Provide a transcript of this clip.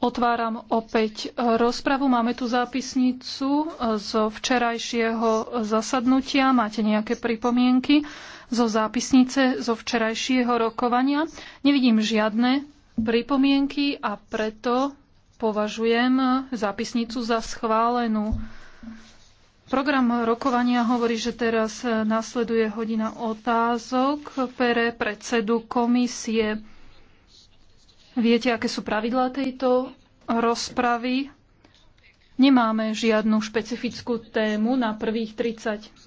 Otváram opäť e, rozpravu. Máme tu zápisnicu e, zo včerajšieho zasadnutia. Máte nejaké pripomienky zo zápisnice zo včerajšieho rokovania? Nevidím žiadne pripomienky a preto považujem zápisnicu za schválenú. Program rokovania hovorí, že teraz nasleduje hodina otázok pre predsedu komisie. Viete, aké sú pravidlá tejto rozpravy? Nemáme žiadnu špecifickú tému na prvých 30